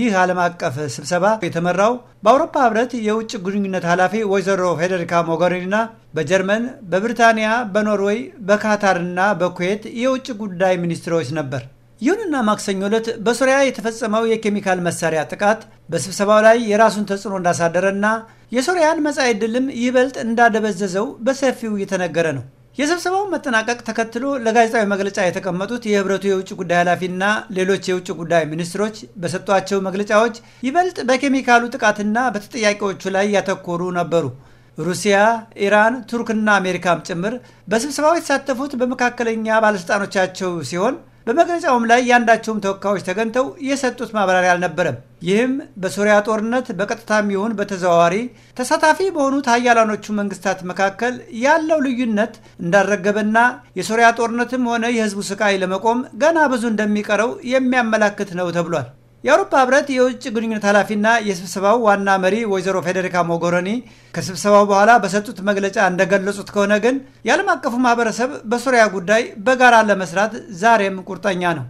ይህ ዓለም አቀፍ ስብሰባ የተመራው በአውሮፓ ህብረት የውጭ ግንኙነት ኃላፊ ወይዘሮ ፌዴሪካ ሞገሪኒና በጀርመን፣ በብሪታንያ፣ በኖርዌይ፣ በካታርና በኩዌት የውጭ ጉዳይ ሚኒስትሮች ነበር። ይሁንና ማክሰኞ ዕለት በሱሪያ የተፈጸመው የኬሚካል መሳሪያ ጥቃት በስብሰባው ላይ የራሱን ተጽዕኖ እንዳሳደረና የሱሪያን መጻኢ ዕድልም ይበልጥ እንዳደበዘዘው በሰፊው እየተነገረ ነው። የስብሰባውን መጠናቀቅ ተከትሎ ለጋዜጣዊ መግለጫ የተቀመጡት የህብረቱ የውጭ ጉዳይ ኃላፊና ሌሎች የውጭ ጉዳይ ሚኒስትሮች በሰጧቸው መግለጫዎች ይበልጥ በኬሚካሉ ጥቃትና በተጠያቂዎቹ ላይ ያተኮሩ ነበሩ። ሩሲያ፣ ኢራን፣ ቱርክና አሜሪካም ጭምር በስብሰባው የተሳተፉት በመካከለኛ ባለስልጣኖቻቸው ሲሆን በመግለጫውም ላይ ያንዳቸውም ተወካዮች ተገኝተው የሰጡት ማብራሪያ አልነበረም። ይህም በሶሪያ ጦርነት በቀጥታም ይሁን በተዘዋዋሪ ተሳታፊ በሆኑት ሀያላኖቹ መንግስታት መካከል ያለው ልዩነት እንዳረገበና የሶሪያ ጦርነትም ሆነ የህዝቡ ስቃይ ለመቆም ገና ብዙ እንደሚቀረው የሚያመላክት ነው ተብሏል። የአውሮፓ ህብረት የውጭ ግንኙነት ኃላፊና የስብሰባው ዋና መሪ ወይዘሮ ፌዴሪካ ሞጎረኒ ከስብሰባው በኋላ በሰጡት መግለጫ እንደገለጹት ከሆነ ግን የዓለም አቀፉ ማህበረሰብ በሱሪያ ጉዳይ በጋራ ለመስራት ዛሬም ቁርጠኛ ነው።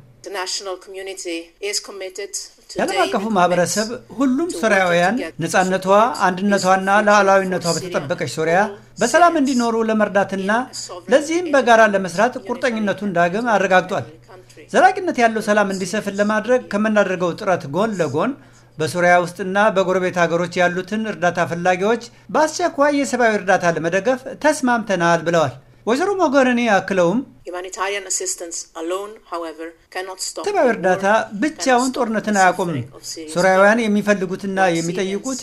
የዓለም አቀፉ ማህበረሰብ ሁሉም ሶሪያውያን ነፃነቷ፣ አንድነቷና ሉዓላዊነቷ በተጠበቀች ሶሪያ በሰላም እንዲኖሩ ለመርዳትና ለዚህም በጋራ ለመስራት ቁርጠኝነቱን ዳግም አረጋግጧል። ዘላቂነት ያለው ሰላም እንዲሰፍን ለማድረግ ከምናደርገው ጥረት ጎን ለጎን በሱሪያ ውስጥና በጎረቤት ሀገሮች ያሉትን እርዳታ ፈላጊዎች በአስቸኳይ የሰብአዊ እርዳታ ለመደገፍ ተስማምተናል ብለዋል። ወይዘሮ ሞገሪኒ ያክለውም ሰብአዊ እርዳታ ብቻውን ጦርነትን አያቁም። ሱሪያውያን የሚፈልጉትና የሚጠይቁት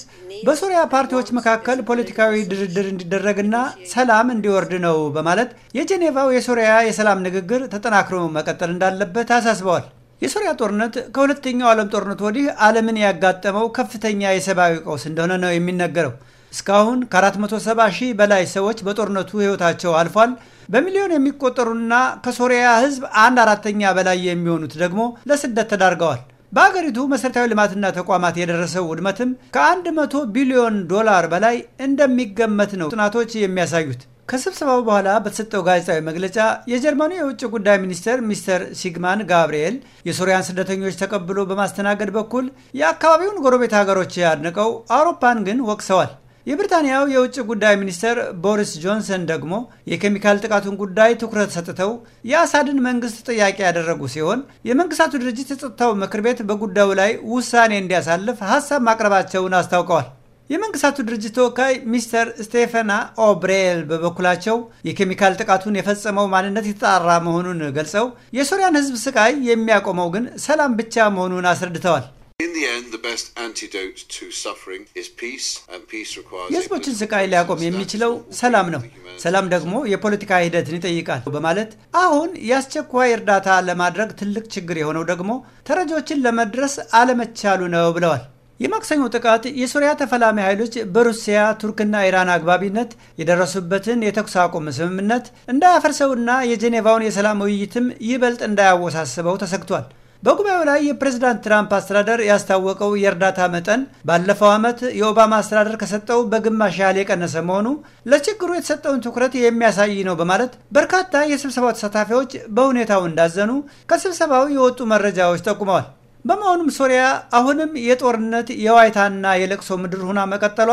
በሱሪያ ፓርቲዎች መካከል ፖለቲካዊ ድርድር እንዲደረግና ሰላም እንዲወርድ ነው በማለት የጄኔቫው የሱሪያ የሰላም ንግግር ተጠናክሮ መቀጠል እንዳለበት አሳስበዋል። የሱሪያ ጦርነት ከሁለተኛው ዓለም ጦርነት ወዲህ ዓለምን ያጋጠመው ከፍተኛ የሰብአዊ ቀውስ እንደሆነ ነው የሚነገረው። እስካሁን ከ470 ሺህ በላይ ሰዎች በጦርነቱ ሕይወታቸው አልፏል። በሚሊዮን የሚቆጠሩና ከሶሪያ ሕዝብ አንድ አራተኛ በላይ የሚሆኑት ደግሞ ለስደት ተዳርገዋል። በአገሪቱ መሠረታዊ ልማትና ተቋማት የደረሰው ውድመትም ከ100 ቢሊዮን ዶላር በላይ እንደሚገመት ነው ጥናቶች የሚያሳዩት። ከስብሰባው በኋላ በተሰጠው ጋዜጣዊ መግለጫ የጀርመኑ የውጭ ጉዳይ ሚኒስትር ሚስተር ሲግማን ጋብርኤል የሶሪያን ስደተኞች ተቀብሎ በማስተናገድ በኩል የአካባቢውን ጎረቤት ሀገሮች ያድንቀው አውሮፓን ግን ወቅሰዋል። የብሪታንያው የውጭ ጉዳይ ሚኒስትር ቦሪስ ጆንሰን ደግሞ የኬሚካል ጥቃቱን ጉዳይ ትኩረት ሰጥተው የአሳድን መንግስት ጥያቄ ያደረጉ ሲሆን የመንግስታቱ ድርጅት የጸጥታው ምክር ቤት በጉዳዩ ላይ ውሳኔ እንዲያሳልፍ ሀሳብ ማቅረባቸውን አስታውቀዋል። የመንግስታቱ ድርጅት ተወካይ ሚስተር ስቴፈና ኦብሬል በበኩላቸው የኬሚካል ጥቃቱን የፈጸመው ማንነት የተጣራ መሆኑን ገልጸው የሶሪያን ህዝብ ስቃይ የሚያቆመው ግን ሰላም ብቻ መሆኑን አስረድተዋል። best antidote to suffering የህዝቦችን ስቃይ ሊያቆም የሚችለው ሰላም ነው። ሰላም ደግሞ የፖለቲካ ሂደትን ይጠይቃል በማለት አሁን የአስቸኳይ እርዳታ ለማድረግ ትልቅ ችግር የሆነው ደግሞ ተረጆችን ለመድረስ አለመቻሉ ነው ብለዋል። የማክሰኞ ጥቃት የሱሪያ ተፈላሚ ኃይሎች በሩሲያ ቱርክና ኢራን አግባቢነት የደረሱበትን የተኩስ አቁም ስምምነት እንዳያፈርሰውና የጄኔቫውን የሰላም ውይይትም ይበልጥ እንዳያወሳስበው ተሰግቷል። በጉባኤው ላይ የፕሬዝዳንት ትራምፕ አስተዳደር ያስታወቀው የእርዳታ መጠን ባለፈው ዓመት የኦባማ አስተዳደር ከሰጠው በግማሽ ያህል የቀነሰ መሆኑ ለችግሩ የተሰጠውን ትኩረት የሚያሳይ ነው በማለት በርካታ የስብሰባው ተሳታፊዎች በሁኔታው እንዳዘኑ ከስብሰባው የወጡ መረጃዎች ጠቁመዋል። በመሆኑም ሶሪያ አሁንም የጦርነት የዋይታና የለቅሶ ምድር ሆና መቀጠሏ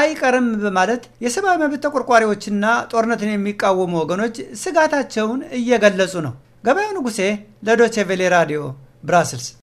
አይቀርም በማለት የሰብአዊ መብት ተቆርቋሪዎችና ጦርነትን የሚቃወሙ ወገኖች ስጋታቸውን እየገለጹ ነው። ገበያው ንጉሴ ለዶቼ ቬሌ ራዲዮ Brussels